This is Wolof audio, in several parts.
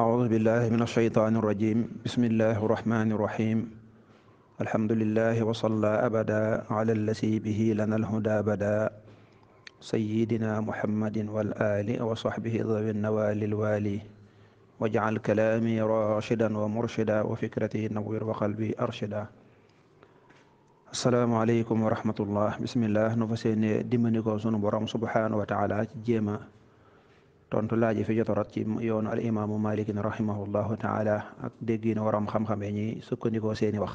أعوذ بالله من الشيطان الرجيم بسم الله الرحمن الرحيم الحمد لله وصلى أبدا على الذي به لنا الهدى بدا سيدنا محمد والآل وصحبه ذوي النوال الوالي واجعل كلامي راشدا ومرشدا وفكرتي نوير وقلبي أرشدا asalaamaaleykum wa rahmatullah bismillah nu fa seene dimbali ko sunu borom subhaanahu wa taala ci jéema tontu laaj fi jot a rot ci yoonu al imaamu malikin rahimahullahu taala ak déggiinu waram xam-xam yi ñi sukkandikoo seeni wax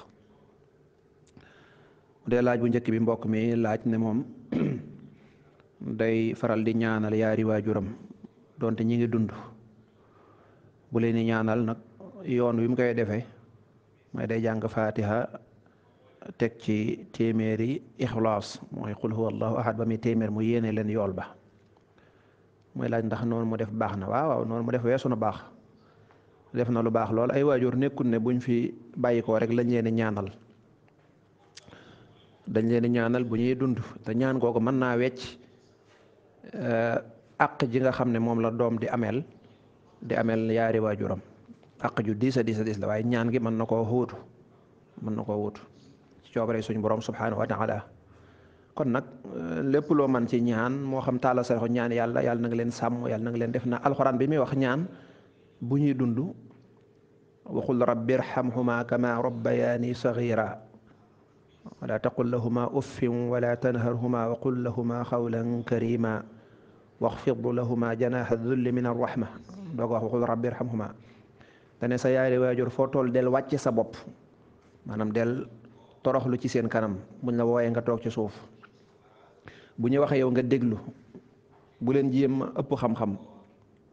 dee laaj bu njëkk bi mbokk mi laaj ne moom day faral di ñaanal yaari waajuram donte ñi ngi dund bu leen di ñaanal nag yoon wi mu koy defee mooy day jàng fatiha teg ci téeméeri ixlaas mooy qul huwa allahu ahad ba muy téeméer mu yéene leen yool ba mooy laaj ndax noonu mu def baax na waaw waaw noonu mu def weesu na baax def na lu baax lool ay waajur nekkul ne buñ fi bàyyi rek lañ leen di ñaanal dañ leen ñaanal bu ñuy dund te ñaan kooku mën naa wecc eh, àq ji nga xam ne moom la doom di ameel di ameel yaari waajuram àq ju diis a diis a diis la waaye ñaan gi mën na koo wuutu mën na koo wuutu ci coobare suñu borom subhanahu wa taala kon nag euh, lépp loo man ci ñaan moo xam taala sa loxo ñaan yàlla yàlla na leen sàmm yàlla na leen def na alxuraan bi muy wax ñaan bu ñuy dund waxul rabbi irhamhuma kama rabbayaani sagira wala taqul lahuma uffin wala tanharhuma wa qul lahuma xawlan karima waxfid lahuma janaha dulli min arrahma doo ko wax waxul rabbi xam dane sa yaay waajur foo tool del wàcce sa bopp maanaam del toroxlu ci seen kanam buñ la wooyee nga toog ci suuf bu ñu waxee yow nga déglu bu leen jéem a ëpp xam-xam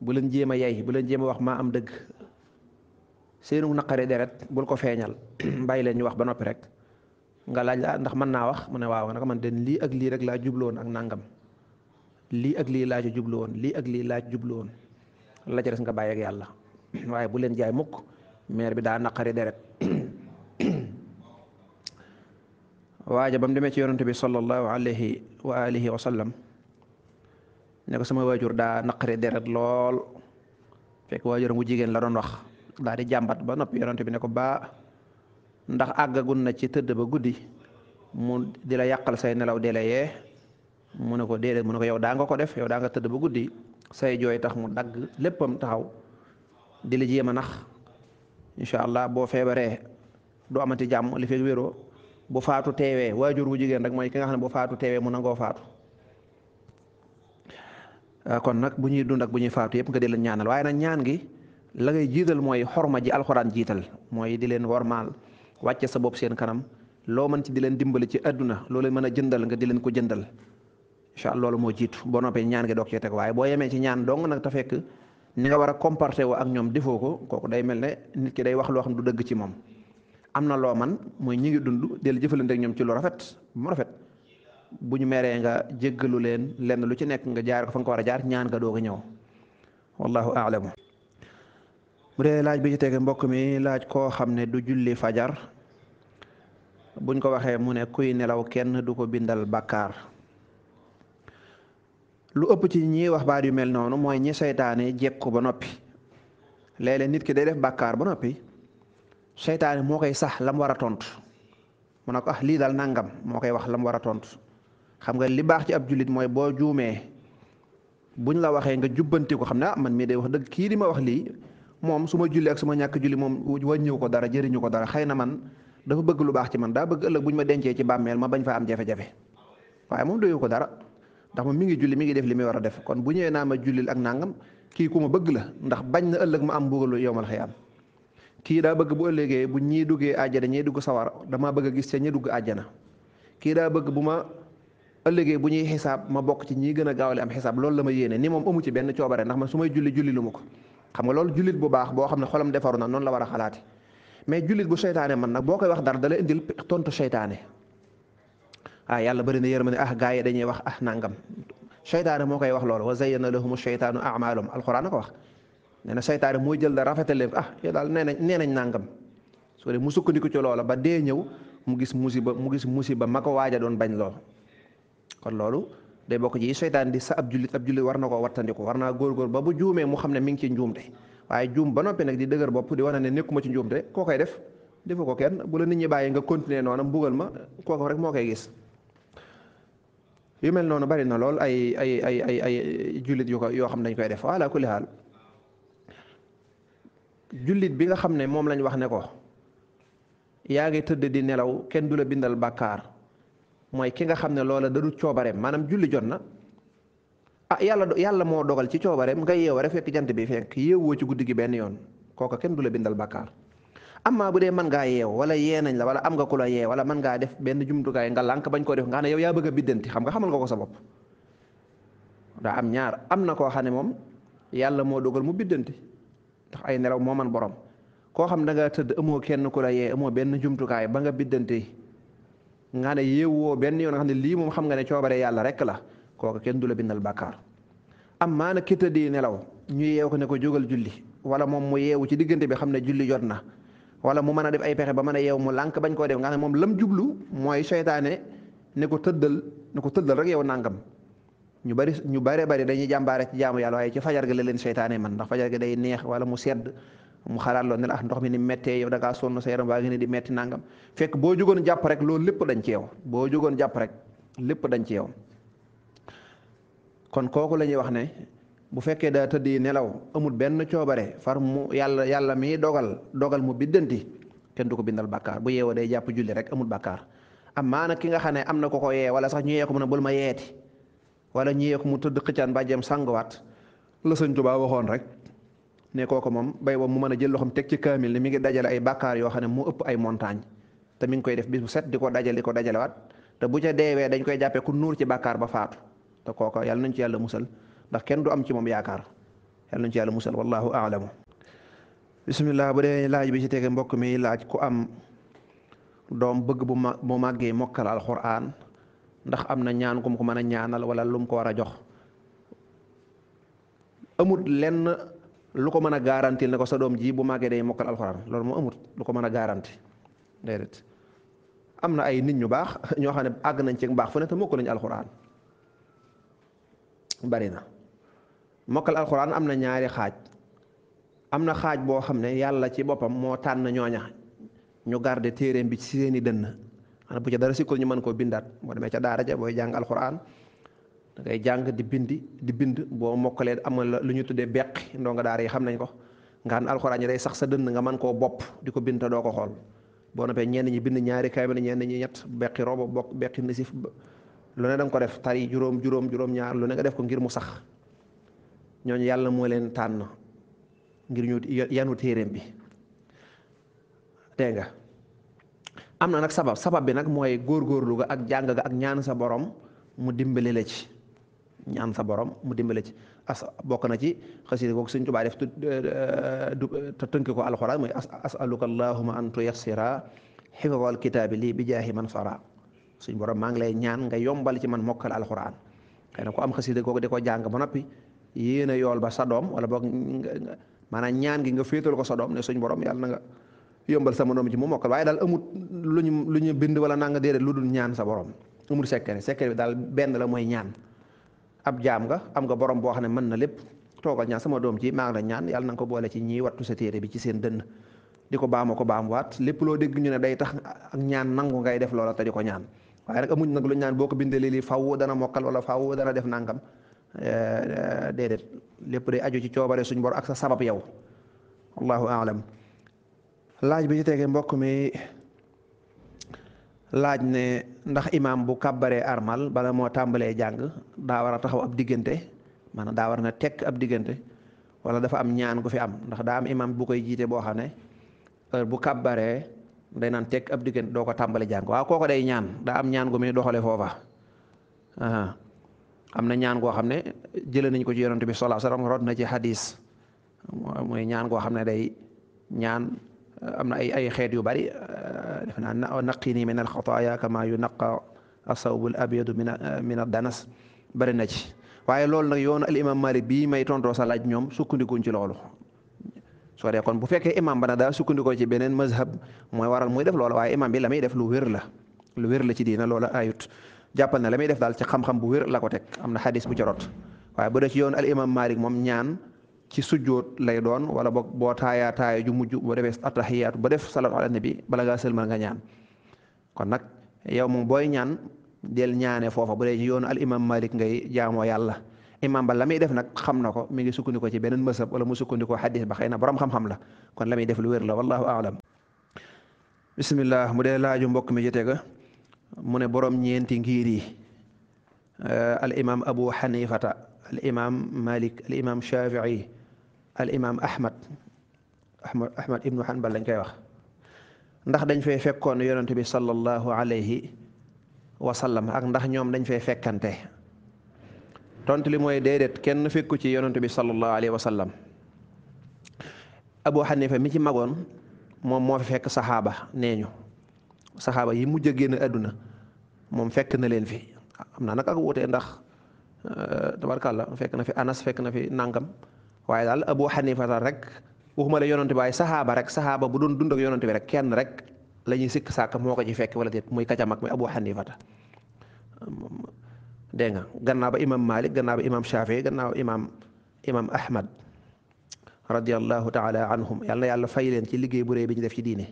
bu leen jéem a yay bu leen jéem a wax maa am dëgg seenu naqare deret bul ko feeñal bàyyi leen ñu wax ba noppi rek nga laaj la ndax mën naa wax mu ne waaw nga man den lii ak lii rek laa jublu woon ak nangam lii ak lii laa ci lii ak lii laa ci jublu woon la ca nga bàyyi ak yàlla waaye bu leen jaay mukk maire bi daa naqari deret waaja bam mu demee ci yonante bi sallallahu alayhi wa alihi wa sallam ne sama waajur daa naqari deret lool fekk waajuram wu jigéen la doon wax daa di jàmbat ba noppi yonante bi ne ko baa ndax àggagun na ci tëdd ba guddi mu di la yàqal say nelaw dee la yee mu ne ko déedéet mu ne ko yow daa nga ko def yow daa nga tëdd ba guddi say jooy tax mu dagg léppam taxaw di la jéem a nax incha allah boo feebaree du amati jàmm li fekk wéroo bu faatu teewee waajur wu jigéen rek mooy ki nga xam ne bu faatu teewee mu nangoo faatu ah, kon nag bu ñuy dund ak bu ñuy faatu yëpp nga di leen ñaanal waaye nag ñaan gi la ngay jiital mooy xorma ji alxuraan jiital mooy di leen wormaal wàcce sa bopp seen kanam loo mën ci di leen dimbali ci àdduna loo leen mën a jëndal nga di leen ko jëndal incha allah loolu moo jiitu boo noppee ñaan gi doog cee teg waaye boo yemee ci ñaan dong nag te fekk ni nga war a comporté ak ñoom defoo ko kooku day mel ne nit ki day wax loo xam du dëgg ci moom. am na loo man mooy ñi ngi dund del jëfalante ak ñoom ci lu rafet mu rafet bu meree nga jéggalu leen lenn lu ci nekk nga jaar ko fa nga ko war a jaar ñaan nga doog a ñëw wallahu aalamu bu dee laaj bi ci tege mbokk mi laaj koo xam ne du julli fajar buñ ko waxee mu ne kuy nelaw kenn du ko bindal bàkkaar lu ëpp ci ñi wax baat yu mel noonu mooy ñi seytaane jekku ba noppi léeg-léeg nit ki day def bàkkaar ba noppi seytaane moo koy sax lam war a tontu mu ne ko ah lii daal nangam moo koy wax lam war a tontu xam nga li baax ci ab jullit mooy boo juumee buñ la waxee nga jubbanti xam ne ah man mii day wax dëgg kii di ma wax lii moom su ma julli ak su ma ñàkk julli moom wàññiwu ko dara jëriñu ko dara xëy na man dafa bëgg lu baax ci man daa bëgg ëllëg bu ma dencee ci bàmmeel ma bañ faa am jafe-jafe waaye moom doyu ko dara ndax moom mi ngi julli mi ngi def li muy war a def kon bu ñëwee naa ma jullil ak nangam kii ku ma bëgg la ndax bañ na ëllëg ma am mbugalu yowmal xiyaam kii daa bëgg bu ëllëgee bu ñii duggee àjjana ñii dugg sawar dama bëgg a gis ca ñi dugg àjjana kii daa bëgg bu ma ëllëgee bu ñuy xisaab ma bokk ci ñii gën a gaawale am xisaab loolu la ma yéene ni moom amu ci benn coobare ndax man su may julli julli lu ma ko xam nga loolu jullit bu baax boo xam ne xolam defaru na noonu la war a xalaati mais jullit bu seytaane man nag boo koy wax dara da indil tontu seytaane ah yàlla bëri na ne ah gaa yi dañuy wax ah, nangam seytaane moo koy wax loolu wa zayyana lahumu sheytaanu amalum alquran a ko wax nee na saytaare mooy jël da rafetale ah yow daal nee nañ nee nàngam soo de mu sukkandiku ci loola ba dee ñëw mu gis musiba mu gis musiba ma ko waaja doon bañ lool kon loolu de bokk ci seytaan di sa ab jullit ab jullit war na koo wattandiku war naa góorgóor ba bu juumee mu xam ne mi ngi ci njuumte waaye juum ba noppi nag di dëgër bopp di wane ne nekkuma ci njuumte koo koy def defu ko kenn bu la nit ñi nga continuer noonu mbugal ma kooku rek moo koy gis yu mel noonu bari na lool ay ay ay ay ay jullit yu yoo xam dañ koy def ala kulli haal jullit bi nga xam ne moom lañ wax ne ko yaa ngi tëdd di nelaw kenn du la bindal bàkkaar mooy ki nga xam ne loola da du coobareem maanaam julli jot na ah yàlla yàlla moo dogal ci coobareem nga yeew rek fekk jant bi fekk yeewoo ci guddi gi benn yoon kooka kenn du la bindal bàkkaar amma bu dee mën ngaa yeew wala yee nañ la wala am nga ku la yee wala mën ngaa def benn jumtukaay nga lànk bañ koo def nga ne yow yaa bëgg a xam nga xamal nga ko sa daa am ñaar am na koo xam ne moom yàlla moo dogal mu biddanti ndax ay nelaw moo man borom koo xam da nga tëdd amoo kenn ku la yee amoo benn jumtukaay ba nga biddante nga ne yeewoo benn yoon nga xam ne lii moom xam nga ne coobare yàlla rek la kooku kenn du la bindal bàkkaar am maana ki tëddi nelaw ñu yeew ko ne ko jógal julli wala moom mu yeewu ci diggante bi xam ne julli jot na wala mu mën a def ay pexe ba mën a yeew mu lànk bañ koo def nga ne moom lam jublu mooy seytaane ne ko tëddal ne ko tëddal rek yow nangam ñu bari ñu bare bari dañuy jàmbaare ci jaamu yàlla waaye ci fajar gi la leen seytaane man ndax fajar ga day neex wala mu sedd mu xalaat loolu ne ah, ndox mi ni méttee yow da ngaa sonn sa yaram waa ngi ne di metti nangam fekk boo jógoon jàpp rek loolu lépp dañ ci boo jógoon jàpp rek lépp dañ ci yow kon kooku lañuy wax ne bu fekkee daa tëddi nelaw amul benn coobare far mu yàlla yàlla mi dogal dogal mu biddanti kenn du ko bindal bàkkaar bu yeewoo day jàpp julli rek amul bàkkaar am maana ki nga xam ne am na ko ko wala sax ñu yee ko mu ne bul ma yeeti wala ñi yeeku mu tëdd xëccaan mbàjjeem sànguwaat la tu Tuubaa waxoon rek ne kooku moom bay ba mu mën a jël loxoom teg ci kaamil ni mi ngi dajale ay bàkkaar yoo xam ne moo ëpp ay montagne te mi ngi koy def bis bu set di ko dajale di te bu ca deewee dañ koy jàppee ku nuur ci bàkkaar ba faatu te kooka yàlla nañ ci yàlla musal ndax kenn du am ci moom yaakaar nañ ci yàlla musal wallahu aalamu bisimilah bu dee laaj bi ci tege mbokk mi laaj ku am doom bëgg bu màggee mokkal alxuraan ndax am na ñaan kum ko mën a ñaanal wala lum ko war a jox amut lenn lu ko mën a garantil ne ko sa doom ji bu màggee day mokkal alxuraan loolu moo amut lu ko mën a garanti déedéet am na ay nit ñu baax ñoo xam ne àgg nañ ci baax fu ne te mokkal nañu alxuraan bari na mokkal alxuraan am na ñaari xaaj am na xaaj boo xam ne yàlla ci boppam moo tànn ñooña ñu garde téere bi ci seeni dënn maanaam bu ca dara sikkul ñu mën koo bindaat boo demee ca daara ja booy jàng alxuraan da jàng di bindi di bind boo mokkalee am la lu ñu tuddee beqi ndongo daara yi xam nañ ko nga xam ne alxuraan yi day sax sa dënn nga mën koo bopp di ko bind te doo ko xool boo noppee ñenn ñi bind ñaari kaamil ñenn ñi ñett beqi robo bokk beqi nisif lu ne da ko def tari juróom juróom juróom ñaar lu ne nga def ko ngir mu sax ñooñu yàlla moo leen tànn ngir ñu yanu téeréem bi dégg nga am na nag sabab sabab bi nag mooy góorgóorlu ga ak jàng ga ak ñaan sa borom mu dimbale la ci ñaan sa borom mu dimbale ci as bokk na ci xasida googu Sëñ Tuubaa def euh, te tënki ko alxuraan mooy asaluka allahuma an tuyassira xifdal kitaabi lii bi jaahi man sara suñ borom maa ngi lay ñaan nga yombal ci man mokkal alxuraan xëy na ku am xasida googu di ko jàng ba noppi yéen a yool ba sa doom wala boog maanaam ñaan gi nga féetal ko sa doom ne suñ borom yàlla na nga yombal sama doom ji mu mokkal waaye daal amut lu ñu lu ñu bind wala nanga déedéet lu dul ñaan sa borom amul secret sekke bi daal benn la mooy ñaan ab jaam nga am nga borom boo xam ne mën na lépp toogal ñaan sama doom ji maa la ñaan yàlla na ko boole ci ñii wattu sa téere bi ci seen dënn di ko baama ko baamuwaat lépp loo dégg ñu ne day tax ak ñaan nangu ngay def loola te ko ñaan waaye nag amuñ nag lu ñaan boo ko bindee lii faaw dana mokkal wala faaw dana def nangam eh, déedéet lépp day aju ci coobare suñ bor ak sa sabab yow wallahu aalam laaj bi ci tege mbokk mi laaj ne ndax imaam bu kàbbaree armal bala moo tàmbalee jàng daa war a taxaw ab diggante maanaam daa war na tekk ab diggante wala dafa am ñaan gu fi am ndax daa am imaam bu koy jiite boo xam ne heure bu kàbbaree day naan tekk ab diggante doo ko tàmbali jàng kooko day ñaan daa am ñaan gu muy doxalee foofa am na ñaan goo xam ne jëlee nañ ko ci yonent bi sallallahu alayhi wasallam na ci hadis mooy ñaan goo xam ne day ñaan am na ay ay xeet yu bari euh, def naa naqini min alxataaya kama yunaqa asawbul abyadu min euh, min danas bari na ci waaye loolu nag yoon al imam malik bii may tontoo sa laaj ñoom sukkandikuñ ci loolu soo dee kon bu fekkee imam bana daal sukkandikoo ci beneen mazhab mooy waral mooy def loola waaye imam bi la muy def lu wér la lu wér la ci diina loola ayut jàppal na la muy def daal ci xam-xam bu wér la ko teg am na xadis bu jorot waaye bu ci yoon al imam malik moom ñaan ci sujjóot lay doon wala bo boo taayaa ju mujj boo defee attahiyaatu ba def salaatu ala nabi bala ngaa sëlmal nga ñaan kon nag yow moom booy ñaan del ñaane foofa bu dee ci yoonu al imam malik ngay jaamoo yàlla imam ba la muy def nag xam na ko mi ngi sukkandikoo ci beneen mësab wala mu sukkandikoo xadis ba xëy na borom xam-xam la kon la muy def lu wér la wallahu aalam bismillah mu dee laaju mbokk mi jotee ga mu ne borom ñeenti ngiir yi al imam abu xanifata al imam malik al imam shafii al imaam Ahmad Ahmad ibnu Hanbal lañ koy wax ndax dañ fay fekkoon yonent bi sallallahu alayhi wa sallam ak ndax ñoom dañ fay fekkante tontu li mooy déedéet kenn fekku ci yonent bi sallallahu alayhi wa sallam Abu Hanifa mi ci magoon moom moo fi fekk saxaaba nee ñu saxaaba yi mu a génn àdduna moom fekk na leen fi am naa nag ak wuute ndax euh, tabarkàlla fekk na fi Anas fekk na fi nangam. waaye daal abu xanifa la rek waxuma la yonante bi waaye saxaaba rek saxaaba bu doon dund ak yonante rek kenn rek la ñuy sikk sàkk moo ko ci fekk wala déet muy kaca mag muy abu xanifa ta dégg nga gannaaw ba imam malik gannaaw ba imam shafii gannaaw imam imam ahmad radiallahu taala anhum yàlla yàlla fay leen ci liggéey bu réy bi ñu def ci diine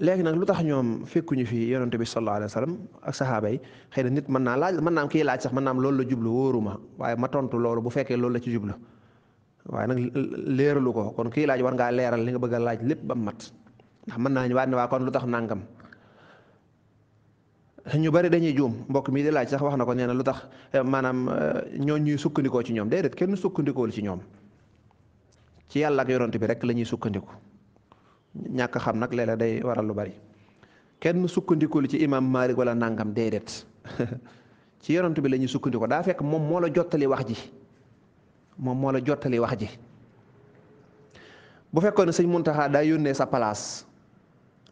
léegi nag lu tax ñoom fekkuñu fi yonent bi sallallahu alayhi wa ak saxaaba yi xëy na nit mën naa laaj mën naa kii laaj sax man naa am loolu la jublu wóoruma waaye ma tontu loolu bu fekkee loolu la ci jublu waaye nag leeralu ko kon kii laaj war ngaa leeral li nga bëgg a laaj lépp ba mat ndax mën naa ñu waat ne waa kon lu tax nangam ñu bari dañuy juum mbokk mi de laaj sax wax na ko nee na lu tax eh, maanaam eh, ñoo ñuy sukkandikoo ci ñoom déedéet kenn sukkandikool ci ñoom ci yàlla ak yonent bi rek la ñuy sukkandiku ñàkk xam nag léeg-léeg day waral lu bari kenn sukkandikul ci imam Malik wala nangam déedéet ci yonent bi lañuy ñuy sukkandiku daa fekk moom moo la jottali wax ji moom moo la jottali wax ji bu fekkoon ne sëñ Muntaxa daa yónnee sa palaas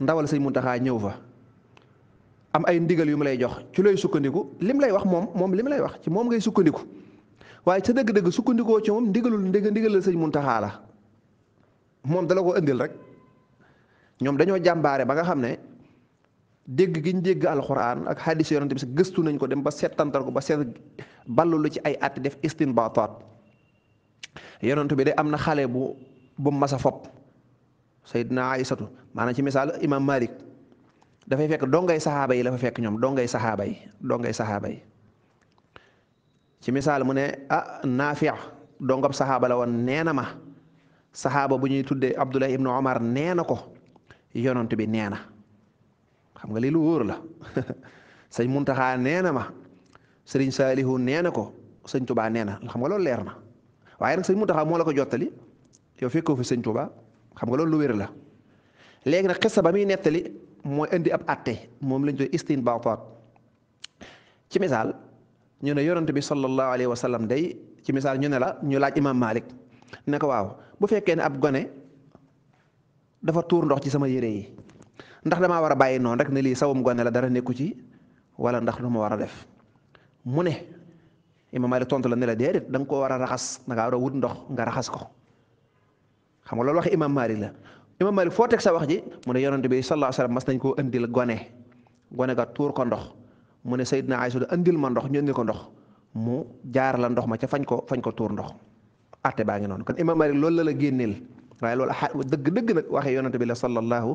ndawal sëñ muntaxaa ñëw fa am ay ndigal yu mu lay jox ci looy sukkandiku lim lay wax moom moom lim lay wax ci moom ngay sukkandiku waaye ca dëgg-dëgg sukkandikoo ci moom ndigalul ndigalul sëñ Muntaxa la moom da la ko indil rek. ñoom dañoo jàmbaare ba nga xam ne dégg giñ ñu dégg alxuraan ak xaddis yonante bi gëstu nañ ko dem ba seetantal ko ba seet ballu ci ay at def istinbataat yonante bi de am na xale bu bu masa fopp ay aysatu maanaam ci misaal imam malik dafay fekk dongay saxaaba yi la fa fekk ñoom dongay saxaaba yi dongay saxaaba yi ci misaal mu ne ah naafi dongab saxaaba la woon nee na ma saxaaba bu ñuy tuddee abdullahi ibnu omar nee na ko yonent bi nee na xam nga li lu wóor la sëñ Muntaxa nee na ma sëriñ Saalihu nee na ko sëñ Tuba nee na xam nga lool leer na waaye nag sëñ Muntaxa moo la ko jottali yow fekkoo fi sëñ Tuba xam nga loolu lu wér la léegi nag xissa ba muy nettali mooy indi ab atte moom lañ istin istinbaataat ci misaal ñoo ne yonent bi sallallahu alayhi wa sallam day ci misaal ñu ne la ñu laaj imam Malik ne ko waaw bu fekkee ne ab gone dafa tuur ndox ci sama yére yi ndax damaa war a bàyyi noonu rek ne lii sawum gone la dara nekku ci wala ndax lu ma war a def mu ne Imam Malik tontu la ne la déedéet da nga koo war a raxas da ngaa war a wut ndox nga raxas ko xam nga loolu waxi Imam Malik la Imam Malik foo teg sa wax ji mu ne yonent bi sallallahu alayhi wasallam mas nañ koo andil gone gone ka tuur ko ndox mu ne Sayyidina Aïcha andil ma ndox ñu andil ko ndox mu jaarala ndox ma ca fañ ko fañ ko tuur ndox atte baa ngi noonu kon Imam Malik loolu la la génneel waaye loolu xa dëgg-dëgg nag waxee yonante bi la sallallahu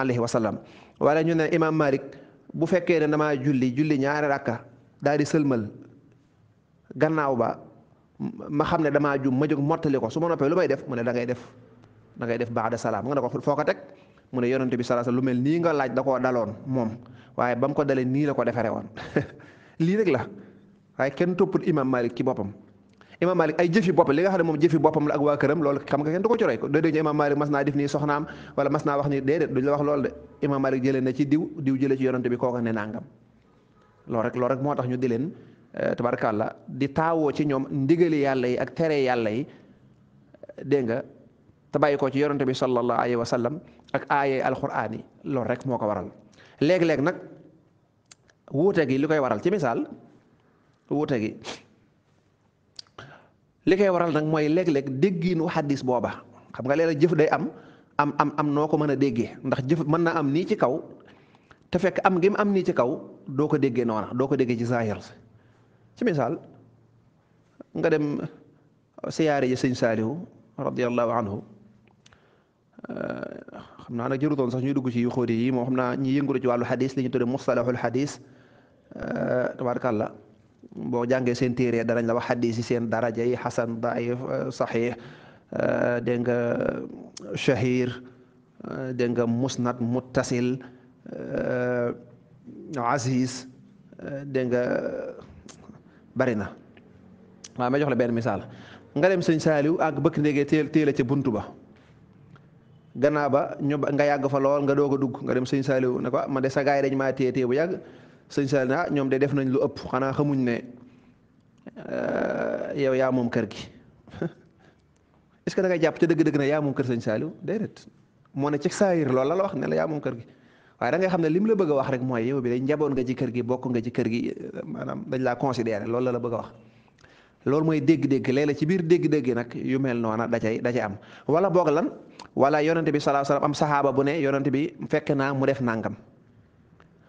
alayhi wa sallam wala ñu ne imaam Malik bu fekkee ne damaa julli julli ñaari rakka daal di sëlmal gannaaw ba ma xam ne damaa jum ma jóg mottali ko su ma noppee lu may def mu ne dangay def da ngay def baada salaam nga ne ko foo ko teg mu ne yonante bi sallallahu lu mel nii nga laaj da koo daloon moom waaye ba ko dalee nii la ko defaree woon lii rek la waaye kenn toppul imaam ci boppam. imam malik ay jëfi bopp li nga xam ne moom jëfi boppam la ak waa këram loolu xam nga kenn du ko coree ko naa def nii soxnaam wala mas naa wax ni déedéet duñ la wax loolu de imam na ci diw diw jëlee ci bi kooka ne nangam loolu rek loolu rek moo tax ñu di leen eh, tabarakàllah di taawoo ci ñoom ndigali yàlla ak tere yàlla yi nga te bàyyi ko ci yonante bi sallallahu alayhi wa sallam ak aaya alquran yi loolu rek moo ko waral léeg-léeg nag wuute gi li koy waral ci misaal wuute gi li koy waral nag mooy léeg-léeg déggiinu xaddis booba xam nga léeg-léeg jëf day am am am am noo ko mën a déggee ndax jëf mën naa am nii ci kaw te fekk am ngi am nii ci kaw doo ko déggee noona doo ko déggee ci zaahir ci misaal nga dem siyaare ji sëñ Saalihu radiyallahu anhu xam naa nag jërutoon sax ñuy dugg ci yu xóoti yi moom xam naa ñuy yëngulu ci wàllu xadis li ñu tudde mustalahul xadis tabaarakallah boo jàngee seen téere danañ la wax xadis yi seen daraja yi xasan daif euh, saxiix euh, dégg nga euh, shahir dégg nga musnad muttasil aziz dégg nga bari na waaw ma jox la benn misaal nga dem sëñ saaliw ak bëkk ndégee teel teel ca bunt ba gannaaw ba ñu nga yàgg fa lool nga doog a dugg nga dem sëñ saaliw ne ko ah, ma de sa gaay dañ maa téye téye bu sëñ Saliou ah ñoom de def nañ lu ëpp xanaa xamuñ ne euh, yow yaa moom kër gi est-ce que da jàpp ca dëgg-dëgg na yaa moom kër sëñ Saliou déedéet moo ne ci saayir la wax ne la yaa kër gi waaye da xam ne li la bëgg a wax rek mooy yow bi day njaboot nga ci kër gi bokk nga ci kër gi euh, maanaam dañ laa considéré loolu la la bëgg a wax loolu mooy dégg-dégg léeg ci biir dégg-dégg nag yu mel noona da cay da cay am wala boog lan wala yonente bi sallallahu alayhi am saxaaba bu ne yonente bi fekk naa mu def nangam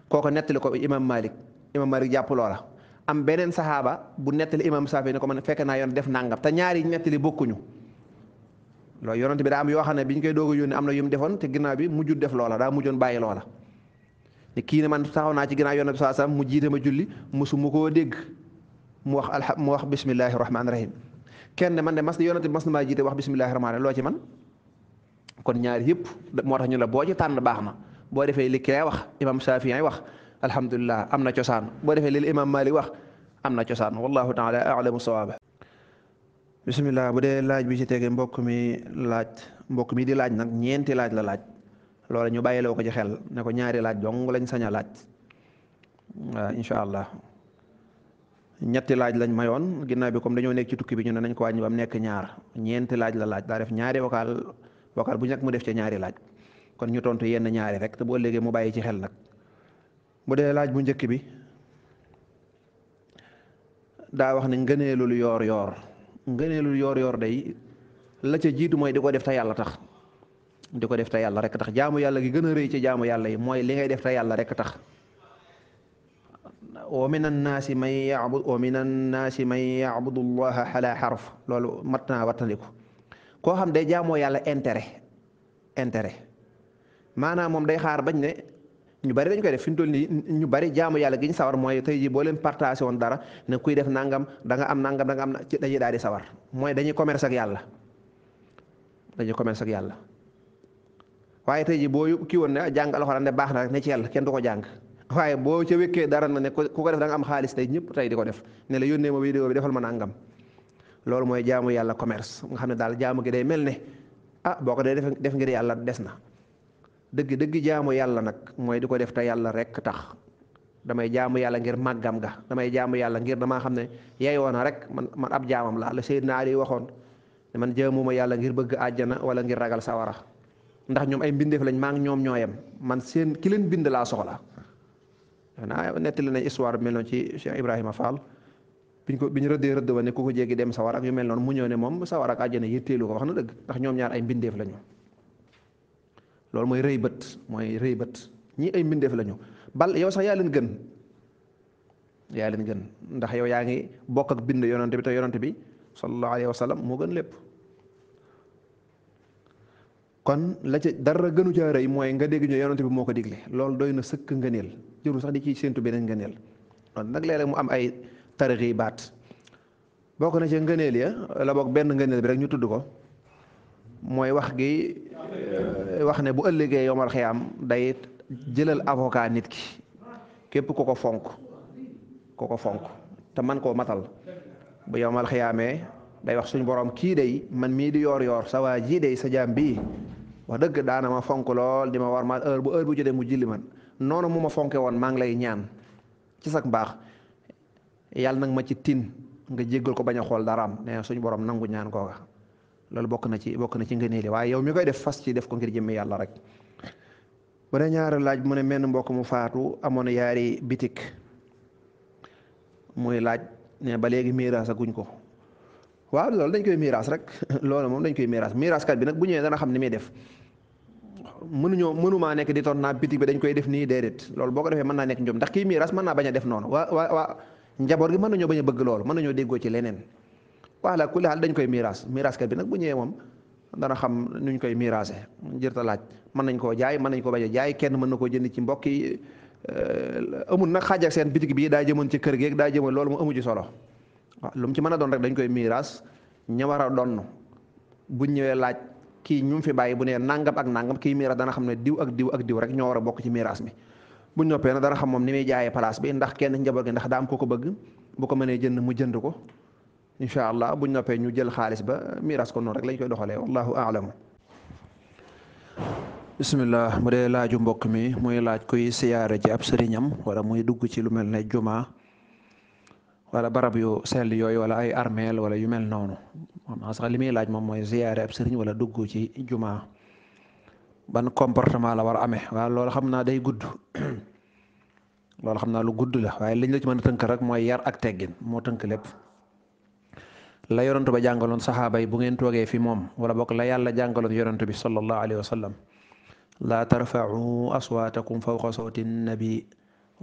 kooku nettali ko imam malik imam malik jàpp loola am beneen saxaaba bu nettali imam Saafi ne ko man fekk naa yoon def nangam te ñaari nettali bokkuñu loolu yonent bi daa am yoo xam ne bi ñu koy doog yoon yónni am na yu mu defoon te ginnaaw bi mujjul def loola daa mujjoon bàyyi loola ne kii ne man taxaw naa ci ginnaaw yonent bi saa sam mu jiite ma julli musu mu koo dégg mu wax alha mu wax bismillahi rahmaani rahim kenn man de mas yonent bi mas na maa jiite wax bismillahi rahmaani loo ci man kon ñaari yëpp moo tax ñu la boo ci tànn baax na boo defee li kee wax imam Shafii wax alhamdulilah am na cosaan boo defee li imam Malik wax am na cosaan wallahu taala alamu sawaaba bisimilah bu dee laaj bi ci tege mbokk mi laaj mbokk mi di laaj nag ñeenti laaj la laaj loola ñu bàyyiloo ko ci xel ne ko ñaari laaj dong lañ sañ a laaj waaw incha allah ñetti laaj lañ mayoon ginnaaw bi comme dañoo nekk ci tukki bi ñu ne nañ ko wàññi ba nekk ñaar ñeenti laaj la laaj daa def ñaari vocal vocal bu ñu mu def ci ñaari laaj kon ñu tontu yenn ñaari rek te boo ëllëgee mu bàyyi ci xel nag bu dee laaj bu njëkk bi daa wax ne ngëneelul yoor yoor ngëneelul yoor yoor day la ca jiitu mooy di ko def te yàlla tax di ko def ta yàlla rek tax jaamu yàlla gi gën a rëy ci jaamu yàlla yi mooy li def te yàlla rek tax wa min annaasi man yabud wa min annaasi man xarf loolu mat naa wattandiku koo xam day jaamoo yàlla intérêt intérêt maanaam moom day xaar bañ ne ñu bari dañ koy def fi mu toll nii ñu bari jaamu yàlla gi ñu sawar mooy tey jii boo leen partage woon dara ne kuy def nangam da am nangam danga am ci daal di sawar mooy dañuy commerce yàlla dañuy commerce yàlla waaye tey jii boo kii woon ne jàng alxuraan ne baax na rek ci yàlla kenn du ko jàng waaye boo ca wékkee dara na ne ku ko def da am xaalis tey ñëpp tey di ko def ne la yónnee ma vidéo bi defal ma nangam lool mooy jaamu yàlla commerce nga xam ne daal jaamu ki day mel ne a ah boo ko dee def ngir yàlla des na dëgg dëgg jaamu yàlla nag mooy di ko def te yàlla rek tax damay jaamu yàlla ngir màggam ga damay jaamu yàlla ngir damaa xam ne yeyoo na rek man man ab jaamam la la naa Ali waxoon ne man jaamuma yàlla ngir bëgg àjjana wala ngir ragal sawara ndax ñoom ay mbindeef lañ maa ngi ñoom ñooyam man seen ki bind laa soxla xanaa nettali nañ histoire bi mel noonu ci Cheikh Ibrahima Fall biñ ko biñ rëddee rëdd wa ne ku ko jéggi dem sawar ak yu mel noonu mu ñëw ne moom sawar ak àjjana yitteelu ko wax na dëgg ndax ñoom ñaar ay mbindeef lañu loolu mooy rëy bët mooy rëy bët ñii ay mbindeef lañu bal yow sax yaa leen gën yaa leen gën ndax yow yaa ngi bokk ak bind yonante bi te yonante bi sallallahu alayhi wa sallam moo gën lépp kon la ca dara gënu caa rëy mooy nga dégg ñu yonante bi moo ko digle loolu doy na sëkk ngëneel jëru sax di ci séentu beneen ngëneel loolu nag léeg mu am ay tarixi baat bokk na ca ngëneel ya la bokk benn ngëneel bi rek ñu tudd ko mooy wax gi Eh, wax ne bu ëllëgee yomal xiyaam day jëlal avocat nit ki képp ku ko fonk ko ko fonk te man koo matal bu yomal xiyaamee day wax suñu borom kii day man mii di yoor yoor sa waa jii dey sa jaam bii wax dëgg daana ma fonk lool di ma war ma heure bu heure bu jotee mu julli man noonu mu ma fonke woon maa ngi lay ñaan ci sax mbaax yàlla nag ma ci tin nga jéggal ko bañ a xool daraam nee suñu borom nangu ñaan kooga loolu bokk na ci bokk na ci ngëneeli waaye yow mi koy def fas ci def ko ngir jëmmi yàlla rek bu dee ñaari laaj mu ne menn mbokk mu faatu amoon yaari bitik muy laaj ne ba léegi miiras a guñ ko waaw loolu dañ koy miiras rek loolu moom dañ koy miiras miiraskat bi nag bu ñëwee dana xam ni muy def mënuñoo mënumaa nekk di toon naa bitik bi dañ koy def nii déedéet loolu boo ko defee mën naa nekk njom ndax kii miiras mën naa bañ a def noonu waa waa waa njaboot gi mën nañoo bañ a bëgg loolu mën nañoo déggoo ci leneen wala kulli xaal dañ koy miiras miiras kat bi nag bu ñëwee moom dana xam nuñ koy miirase jërta laaj mën nañ koo jaay mën nañ koo bajee jaay kenn mën na koo jënd ci mbokk yi euh, amul nag xaaj ak seen bitig bi daa jëmoon ci kër geeg daa jëmoon loolu mu amu ci solo waaw lu mu ci mën a doon rek dañ koy miiras ña war a donn buñ ñëwee laaj kii ñu fi bàyyi bu nee nangam ak nangam ki miiras dana xam ne diw ak diw ak diw rek ñoo war a bokk ci miiras mi bu noppee nag dana xam moom ni muy jaayee place bi ndax kenn njaboot gi ndax daa ko bëgg bu ko mënee jënd mu jënd ko incha allah buñ noppee ñu jël xaalis ba miiras ko noonu rek lañ koy doxalee wallahu aalamu bismillah mu dee laaju mbokk mi muy laaj kuy siyaare ci ab sëriñam wala muy dugg ci lu mel ne juma wala barab yu sell yooyu wala ay armeel wala yu mel noonu moom sax li muy laaj moom mooy siyaare ab sëriñ wala dugg ci juma ban comportement la war a amee waaye xam naa day gudd loolu xam naa lu gudd la waaye liñ la ci mën a tënk rek mooy yar ak teggin moo tënk lépp la yonent ba jàngaloon saxaaba yi bu ngeen toogee fi moom wala bokk la yàlla jàngaloon yonent bi sallallahu alayhi wa sallam laa tarfacuu aswaatakum fawqa nabi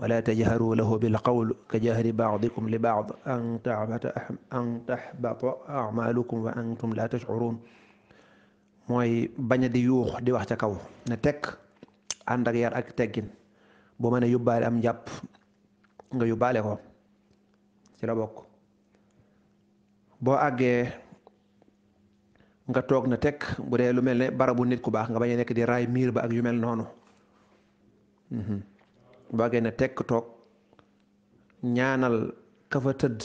wala tajharuu lahu bilqawl ka jahri bacdikum li bacd an taxbata an taxbata acmaalukum wa antum laa tashcuruun mooy bañ di yuux di wax ca kaw ne tekk ànd ak yar ak teggin bu mën a am njàpp nga yóbbaale ko ci la bokk boo àggee nga toog na teg bu dee lu mel ne barabu nit ku baax nga bañ nekk di raay miir ba ak yu mel noonu mhm. boo àggee na tekk toog ñaanal ka fa tëdd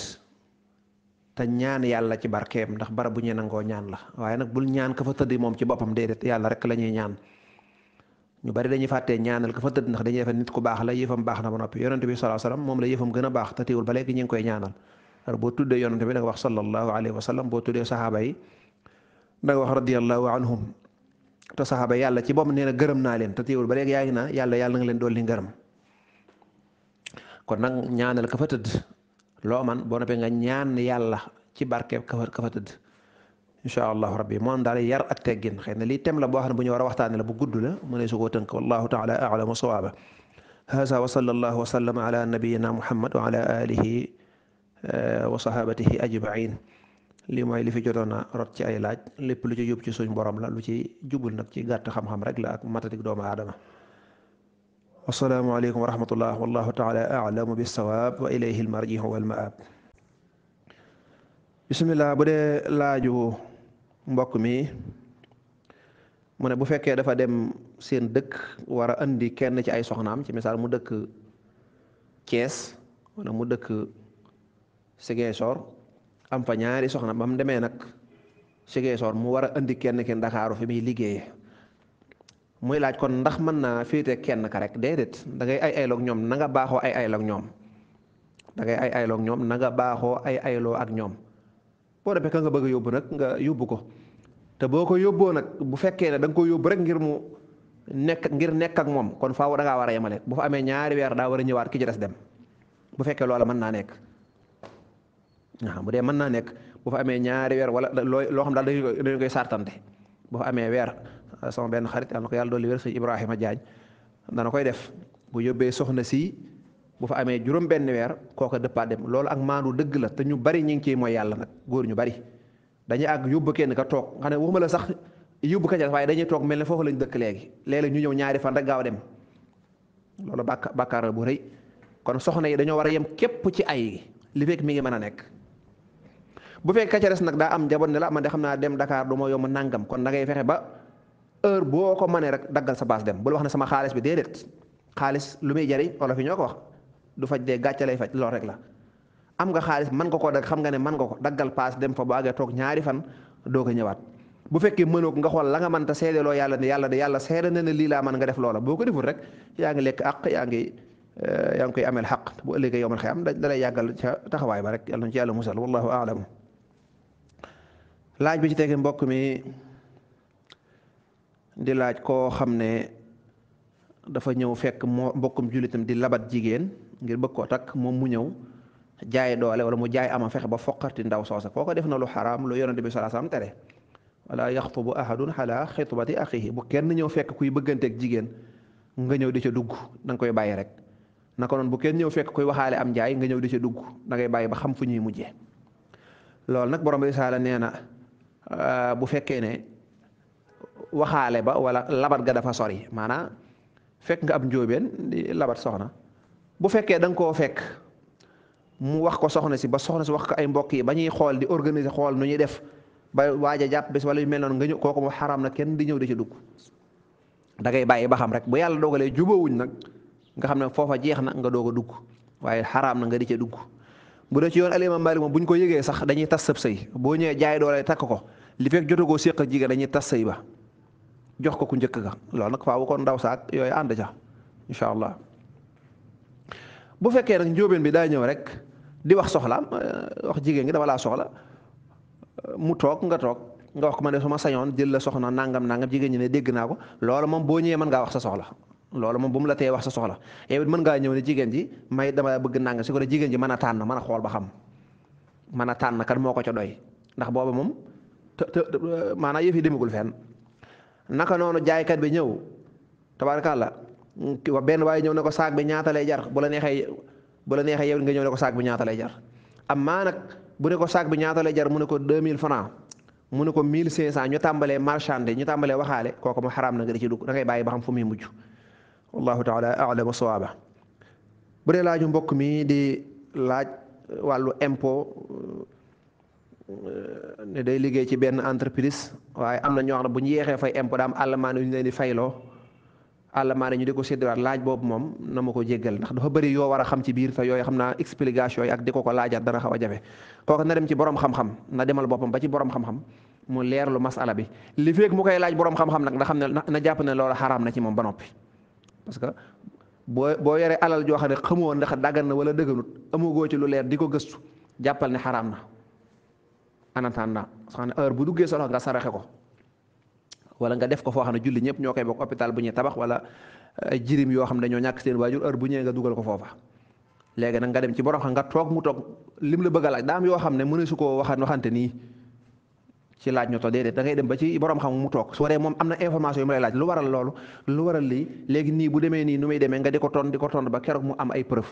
te ñaan yàlla ci barkeem ndax barab bu ñu nangoo ñaan la waaye nag bul ñaan ka fa tëdd moom ci boppam déedéet yàlla rek la ñuy ñaan ñu bari dañuy fàttee ñaanal ka fa tëdd ndax dañuy defe nit ku baax la yëfam baax na ba noppi yonent bi sallallahu alayhi moom la yëfam gën a baax te ba léegi ñu ngi koy ñaanal boo tuddee yonent bi da nga wax sallallahu alayhi wa sallam boo tuddee saxaaba yi da nga wax radiyallahu anhum te saxaaba yàlla ci boppam nee na gërëm naa leen te teewul ba léegi yaa ngi naa yàlla yàlla na nga leen dolli kon nag ñaanal ka fa tëdd loo man boo noppee nga ñaan yàlla ci barkeeb ka ka fa tëdd incha allahu rabbi moom daal yar ak teggin xëy na lii tem la boo xam ne bu ñu war a waxtaane la bu gudd la mu a su koo tënk wallahu taala a'lamu sawaaba haasa wa sallallahu wa sallama ala nabiyina muhammad wa ala Eh, wa sahabatihi ajmain li mooy li fi jotoon a ci ay laaj lépp lu ci yóbbu ci suñ borom la lu ci jubul nag ci gàtt xam-xam rek la ak matatik doomu aadama wassalaamu aleykum wa rahmatullah bu dee laaju mbokk mi mu ne bu fekkee dafa dem seen dëkk war andi kenn ci ay soxnaam ci misaal mu dëkk Thiès wala mu dëkk Ziguinchor am fa ñaari soxna ba demee nag Ziguinchor mu war a indi kenn ki Ndakaaru fi muy liggéeyee muy laaj kon ndax mën naa féete kenn ka rek déedéet da ngay ay ayloog ñoom nanga baaxoo ay ayloog ñoom da ngay ay ayloog ñoom na nga baaxoo ay ayloo ak ñoom boo demee ka nga bëgg yóbbu nag nga yóbbu ko te boo ko yóbboo nag bu fekkee ne da nga ko yóbbu rek ngir mu nekk ngir nekk ak moom kon faaw da ngaa war a yemale bu fa amee ñaari weer daa war ñëwaat ki ci des dem bu fekkee loola mën naa nekk. waaw bu dee mën naa nekk bu fa amee ñaari weer wala loo xam daal dañu koy sartante bu fa amee weer ah, sama benn xarit yàlla ko yàlla dolli weer sëñ Ibrahima dana koy def bu yóbbee soxna si bu fa amee juróom benn weer kooka dëppaat dem loolu ak maandu dëgg la te ñu bari ñu ngi ciy mooy yàlla nag góor ñu bari dañuy àgg yóbbu kenn ka toog xam ne waxuma la sax yóbbu ka ca waaye dañuy toog mel ne foofu lañ dëkk léegi léeg ñu ñëw ñaari fan rek gaaw dem loolu bàkkaar bu rëy kon soxna yi dañoo war a yem képp ci ay li fekk mi ngi mën a nekk bu fekkee ca des nag daa am njaboot ne la man de xam naa dem Dakar du ma yomb nangam kon da ngay fexe ba heure boo ko mënee rek daggal sa baas dem bul wax ne sama xaalis bi déedéet xaalis lu muy jariñ olof yi ñoo ko wax du faj dee gàcce lay faj lool rek la. am nga xaalis mën nga koo dag xam nga ne mën nga ko daggal paas dem fa bu àggee ñaari fan doo ko ñëwaat bu fekkee mënoo ko nga xool la nga mën ta seedeloo yàlla ne yàlla de yàlla seede na ne lii laa mën nga def loola boo ko deful rek yaa ngi lekk àq yaa ngi eh, yaa ngi koy ameel xaq bu ëllëgee yomal xëy am da lay yàggal ca taxawaay ba rek yàlla na ci yàlla musal wallahu aalam laaj bi ci tege mbokk mi di laaj koo xam ne dafa ñëw fekk moo mbokkum jullitam di labat jigéen ngir bëgg koo takk moom mu ñëw jaay doole wala mu jaay am a fexe ba foqarti ndaw soosa ko def na lu xaraam lu yonente bi sallallahu alayhi wasallam tere wala yaxtubu a ala xitbati axihi bu kenn ñëw fekk kuy bëgganteeg jigéen nga ñëw di ca dugg danga koy bàyyi rek naka noonu bu kenn ñëw fekk koy waxaale am njaay nga ñëw di ca dugg dangay ngay bàyyi ba xam fu ñuy mujjee loolu nag borom bi saala nee na Euh, bu fekkee ne waxaale ba wala labat ga dafa sori maanaam fekk nga am njóobeen di labat soxna bu fekkee da nga koo fekk mu wax ko soxna si ba soxna si wax ko ay mbokk yi ba ñuy xool di organiser xool nu ñu def ba waaj a jàpp bés wala yu mel noonu nga ñëw kooku mu xaraam na kenn di ñëw di ci dugg da ngay bàyyi ba xam rek bu yàlla dogalee jubóowuñ nag nga xam ne foofa jeex na nga doog a dugg waaye xaram na nga di ca dugg bu dee ci yoon alimam Malik moom bu ñu ko yëgee sax dañuy tas sëb sëy boo ñëwee jaay doole takk ko li fekk jotagoo séq ak jigéen dañuy tas sëy ba jox ko ku njëkk ga loolu nag faaw kon ndaw saak yooyu ànd ca incha allah bu fekkee nag njóobeen bi daa ñëw rek di wax soxlaam eh, wax jigéen gi laa soxla eh, mu toog nga toog nga wax ko ma ne su sañoon jël la soxna nangam nangam jigéen ñi ne dégg naa ko lool moom boo ñëwee mën ngaa wax sa soxla loolu moom bu mu la tee wax sa soxla yow mën ngaa ñëw ne jigéen ji may dama bëgg nanga su ko de jigéen ji mën a tànn mën a xool ba xam man a tànn kan moo ko ca doy ndax booba moom te te maanaam yëf yi demagul fenn naka noonu jaaykat bi ñëw tabaarkàlla wa benn waaye ñëw ne ko saag bi ñaata jar bu la neexee bu la neexee ne ko saag bi ñaata jar amaa bu ne ko saag bi ñaata lay jar mu ne ko 2000 francs mu ne ko 1500 ñu tàmbalee ñu tàmbalee waxaale kooku mu xaraam na nga di ci dugg da bàyyi ba xam fu muy mujj. wallahu taala a'lamu sawaaba bu dee laaju mbokk mi di laaj wàllu impôt euh, ne day ci benn entreprise waaye am na ñoo xam ne bu ñu yeexee fay impôt daam àllamaane ñu leen di fayloo àllamaane ñu di ko séddiwaat laaj boobu moom na ma ko jéggal ndax dafa bëri yoo war a xam ci biir te yooyu xam na explication yi ak di ko ko laajaat dana xaw a jafe kooku na dem ci borom xam-xam na demal boppam ba ci borom xam-xam mu leerlu masala bi li feeg mu laaj borom xam-xam nag na xam ne na jàpp ne loolu xaraam na ci moom ba noppi parce que boo boo yoree alal joo xam ne xamoo ndax daggan na wala dëgganut amugoo ci lu leer di ko gëstu jàppal ne xaraam na anataan na xam ne bu duggee sa nga saraxe ko wala nga def ko foo xam ne julli ñëpp ñoo koy bokk hôpital bu ñuy tabax wala ay euh, jirim yoo xam ne dañoo ñàkk seen waajur heure bu ñëwee nga dugal ko foofa léegi nag nga dem ci borom xam nga toog mu toog lim la bëgg a laaj daa yoo xam ne mëneesu koo waxan waxante nii ci laaj ñoto déedéet da ngay dem ba ci borom xam mu toog su waree moom am na information yu mu laaj lu waral loolu lu waral lii léegi nii bu demee nii nu may demee nga di ko tont di ko tont ba keroog mu am ay preuve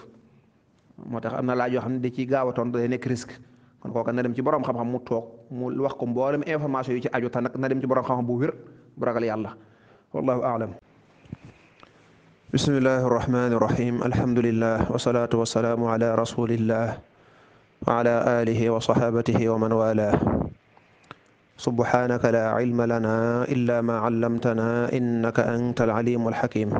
moo tax am na laaj yoo xam ne da ciy gaaw a day nekk risque kon kooka na dem ci borom xam-xam mu toog mu wax ko mboolem information yi ci ajo ta na dem ci borom xam-xam bu wér bu ragal yàlla wallahu aalam bismillahi arrahmani irrahim alhamdulillah wasalaatu wasalaamu ala rasulillah wa ala alihi wala subhaanaka laa ilma lanaa illaa maa allamtanaa innaka anta al-aliimu al-hakiim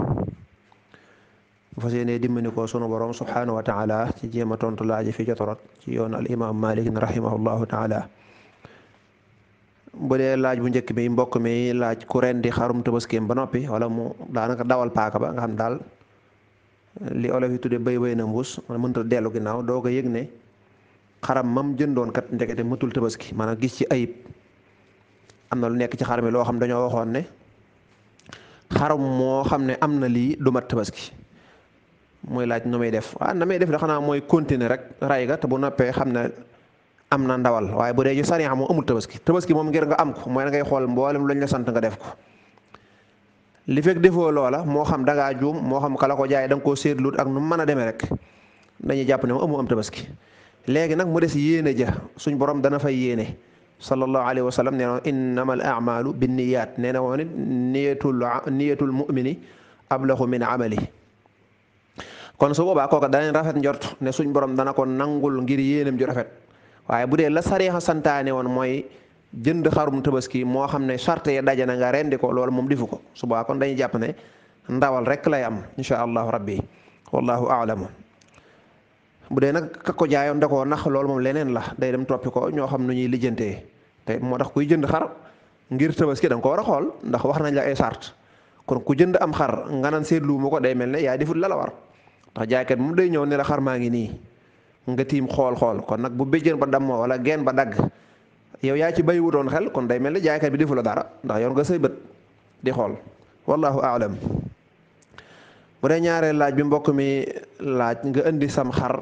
fas yéene dimbali ko sunu borom subhaanahu wa ci jéem a tontu laaj fi jotorot ci yoon al imaam Maalik rahimahullahu taala bu dee laaj bu njëkk bi mbokk mi laaj ku rendi xarum tabaskeem ba noppi wala mu daanaka dawal paaka ba nga xam daal li olof yi tudde bay bay na mbuus mënta dellu ginnaaw doo ko yëg ne xaram mam jëndoon kat ndekete matul tabaski maanaam gis ci ayib am na lu nekk ci xar mi loo xam dañoo waxoon ne xaram moo xam ne am na lii du mat tabaski mooy laaj nu muy def ah na muy def da xanaa mooy continuer rek ray bu noppee xam ne am na ndawal waaye bu dee ci sariya moom amul tabaski tabaski moom ngir nga am ko da ngay xool mboolem lañ la sant nga def ko li fekk defoo moo xam dangaa juum moo xam kala ko jaay da koo seetlut ak nu mën a demee rek dañuy jàpp ne mu amu am tabaski léegi nag mu des yéene ja suñ borom dana fay yéene. sallallahu alayhi wa sallam nee nee na woon it niyatul niyatul mu'mini ablahu min amali kon su boobaa kooka danañ rafet njort ne suñ borom dana koon nangul ngir yéenam ju rafet waaye bu dee la sariixa santaane woon mooy jënd xarum tabaski moo xam ne charte ya daje na nga ko lool moom difu ko su boobaa kon dañuy jàpp ne ndawal rek lay am insha allahu rabbi wallahu a'lamu bu dee nag ka ko jaayoon da koo nax loolu moom leneen la day dem toppi ko ñoo xam nu ñuy lijjante te moo tax kuy jënd xar ngir tabaski da nga ko war a xool ndax wax nañ la ay sart kon ku jënd am xar nga naan seetlu ma ko day mel ne yaa defut la la war ndax jaaykat moom day ñëw ne xar maa ngi nii nga tiim xool-xool kon nag bu béjjën ba dammoo wala geen ba dagg yow yaa ci bàyyiwutoon xel kon day mel ne jaaykat bi defu la dara ndax yor nga say bët di xool wallahu aalam bu dee ñaaree laaj bi mbokk mi laaj nga indi sam xar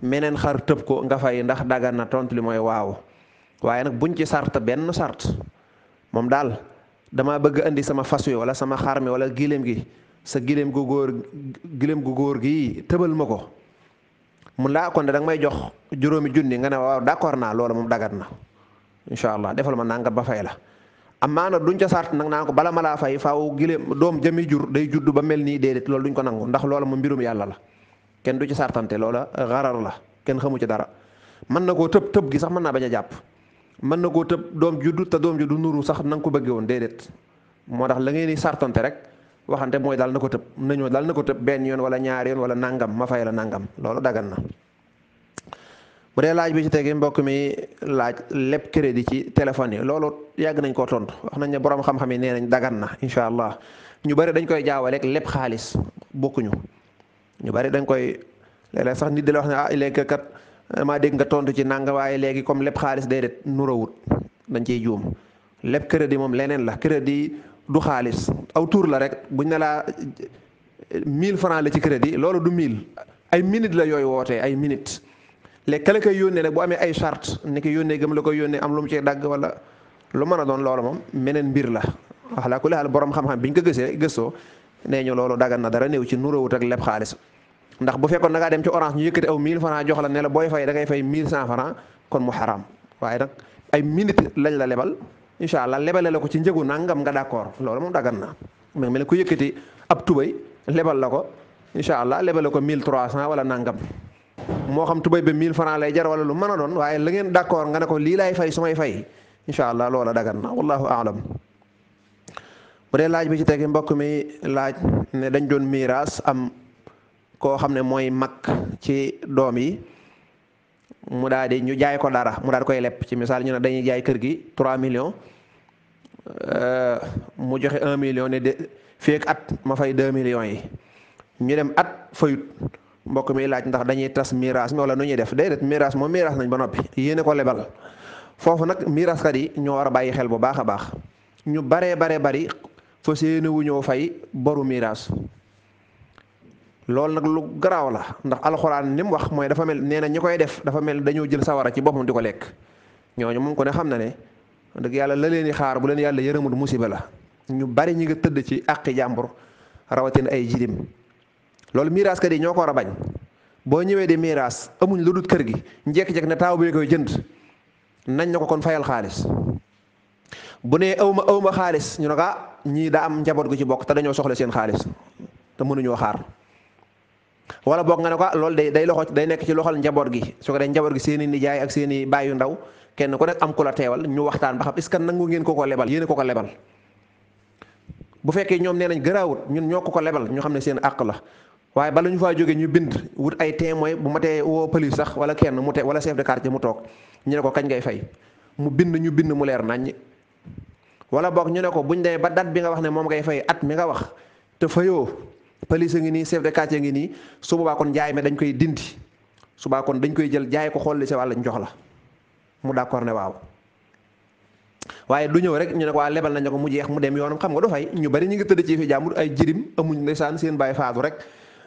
meneen xar tëb ko nga fay ndax dagan na tontu li mooy waaw waaye nag buñ ci sart benn sart moom daal dama bëgg indi sama fas wi wala sama xar mi wala giléem gi sa giléem gu góor giléem gu góor gi tëbal ma ko mun laa ah, kon da nga may jox juróomi junni nga ne waaw d'accord naa loola moom dagat na incha allah defal ma nangam ba fay la amaa na duñ ca sart nag naa ko bala ma laa fay faaw giléem doom jëmi jur day judd ba mel nii déedéet loolu duñ ko nangu ndax loola moom mbirum yàlla la kenn du ci sartante loola xarar la kenn xamu ci dara mën na koo tëb tëb gi sax mën naa bañ a jàpp mën na koo tëb doom juddu te doom juddu nuru sax na nga ko bëggee woon déedéet moo tax la ngeen sartonte rek waxante mooy daal na ko tëb nañoo daal na ko tëb benn yoon wala ñaari yoon wala nangam ma fay la nangam loolu dagan na. bu dee laaj bi ci tege mbokk mi laaj lépp crédit ci téléphone yi loolu yàgg nañ koo tontu wax nañ ne boroom xam-xam yi nee nañ dagan na incha allah ñu bari dañ koy jaawaleeg lépp xaalis bokkuñu ñu bari dañ koy léeg sax nit maa dégg nga tontu ci nanga waaye léegi comme lépp xaalis déedéet nurawut dañ ciy juum lépp crédit moom leneen la crédit du xaalis aw tuur la rek buñ ne laa 1000 la ci crédit loolu du 1000 ay minutes la yooyu wootee ay minutes lekk ka la koy yónnee nag amee ay charte ni ko yónnee gëm la koy yónnee am lu mu ci dagg wala lu mën a doon loolu moom meneen mbir la wax laa ku leexal borom xam-xam biñ ko gësee gëstoo nee ñu loolu dagan na dara néew ci nurawut ak lépp xaalis ndax bu fekkoon da ngaa dem ci orange ñu yëkkati aw 1000 francs jox la ne la booy fay da ngay fay 1100 francs kon mu xaraam waaye nag ay minute lañ la lebal incha allah lebale la ko ci njëgu nangam nga d'accord loolu moom daggan na mais mel ku yëkkati ab tubay lebal la ko incha allah lebale ko 1300 wala nangam moo xam tubay ba mil francs lay jar wala lu man a doon waaye la ngeen d'accord nga ne ko lii laay fay su may fay incha allah loola dagan na wallahu aalam bu dee laaj bi ci tegi mbokk mi laaj dañ doon miiras am. koo xam ne mooy mag ci doom yi mu daal di ñu jaay ko dara mu daal koy lepp ci misaal ñu ne dañuy jaay kër gi 3 millions euh, mu joxe un million ne de feek at ma fay 2 millions yi ñu dem at fayut mbokk mi laaj ndax dañuy tas miraas mi wala nu ñuy def déedéet miraas moom miraas nañ ba noppi yéene ko lebal foofu nag miraaskat yi ñoo war a bàyyi xel bu baax a baax ñu baree baree bari fas yéene wu fay boru miraas. loolu nag lu garaaw la ndax alxuraan li mu wax mooy dafa mel nee na ñi koy def dafa mel dañoo jël sawara ci boppam di ko lekk ñooñu moom ko ne xam na ne dëgg yàlla la leen di xaar bu leen yàlla yërëmul musiba la ñu bari ñi nga tëdd ci àqi jàmbur rawatina ay jirim loolu miiras yi ñoo ko war a bañ boo ñëwee di miiras amuñ lu dul kër gi njekk-jekk ne taaw bi koy jënd nañ na ko kon fayal xaalis bu nee awma awma xaalis ñu ne ah, ñii daa am njaboot gu ci bokk te dañoo soxla seen xaalis te mënuñoo xaar. wala boog nga ne ko ah, loolu day day loxo day nekk ci loxol njaboot gi su ko dee njaboot gi seeni i nijaay ak seeni i baay yu ndaw kenn ku nekk am ku la teewal ñu waxtaan ba xam est-ce que nangu ngeen ko ko lebal ko ko fekkee ñoom nee nañ garaawut ñun ñoo ko ko lebal ñu xam ne seen àq la waaye bala ñu faa jóge ñu bind wut ay témoin bu matee woo police sax wala kenn mu te wala chef de quartier mu toog ñu ne ko kañ ngay fay mu bind ñu bind mu leer naññ wala boog ñu ne ko buñ demee ba date bi nga wax ne moom ngay fay at mi nga wax te fayoo police ngi nii chef de quartier ngi nii su boobaa kon njaay mi dañ koy dindi subaa kon dañ koy jël jaay ko xool li sa wàll ñu jox la mu d'accord ne waaw waaye du ñëw rek ñu ne ko waa lebal nañ ko mu jeex mu dem yoonu xam nga du fay ñu bari ñu ngi tëdd ci fi jàmbur ay jirim amuñ ndeysaan seen baay faatu rek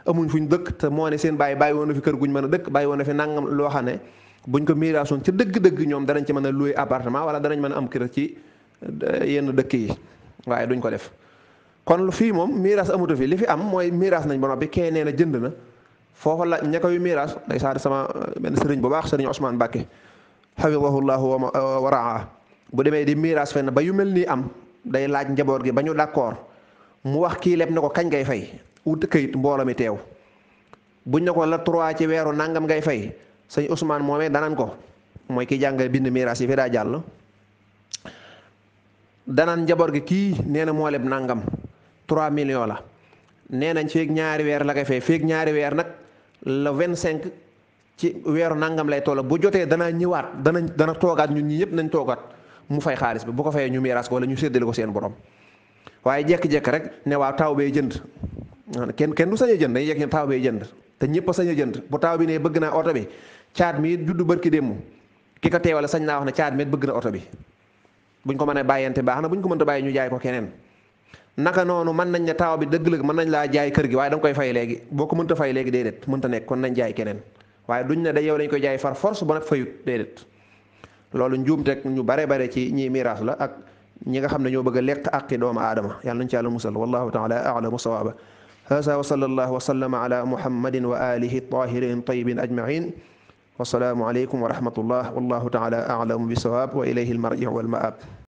amuñ fuñ dëkk te moo ne seen baay bàyyi woon na fi kër guñ mën a dëkk bàyyi woon na fi nangam loo xam ne buñ ko miiraasoon ci dëgg-dëgg ñoom danañ ci mën a louer appartement wala danañ mën am kër ci eh, yenn dëkk yi waaye duñ ko def kon fii moom miiras amatu fi li fi am mooy miiras nañ ba noppi kee nee na jënd na foofa la ña koy miiras day saar sama benn sëriñ bu baax sëriñ Ousmane Bakke xafidahu bu demee di miiras ba yu mel nii am day laaj njaboot gi ba ñu d'accord mu wax kii leb na ko kañ ngay fay wut këyit mbooloo mi teew bu ne la trois ci weeru nangam ngay fay sëñ Ousmane moomee danan ko mooy ki jàngale bind miiras yi fi daa jàll danan njaboot gi kii nee na moo leb nangam 3 millions la nee nañ feeg ñaari weer la koy feeg ñaari weer nag le 25 ci weeru nangam lay toll bu jotee danaa ñëwaat danañ dana toogaat ñun ñi yëpp nañ toogaat mu fay xaalis bi bu ko fayee ñu miiras ko wala ñu séddale ko seen borom waaye jekk-jekk rek ne waaw taw bee jënd kenn kenn du sañ a jënd dañuy yegg taw bee jënd te ñëpp a sañ jënd bu taw bi ne bëgg naa oto bi caat mi juddu barki démb ki ko teewale sañ naa wax ne caat mi bëgg na oto bi buñ ko mën a bàyyante baax na buñ ko mënta bàyyi ñu jaay ko keneen. naka noonu mën nañ ne taaw bi dëgg la mën nañ laa jaay kër gi waaye dañ koy fay léegi boo ko mënta fay léegi déedéet mënta nekk kon nañ jaay keneen waaye duñ ne da yow dañ koy jaay far force ba nag fayut déedéet loolu njuum teg ñu bare bare ci ñi miraas la ak ñi nga xam ne ñoo bëgg lekk àqi doomu aadama yàlla nañ ci yàlla musal wallahu taala alamu sawaaba hasa wa sallallahu wa sallama ala muhammadin wa alihi tahirin tayibin ajmain wasalaamu aleykum wa rahmatullah wallahu taala alamu bisawaab wa ilayhi almarji walmaab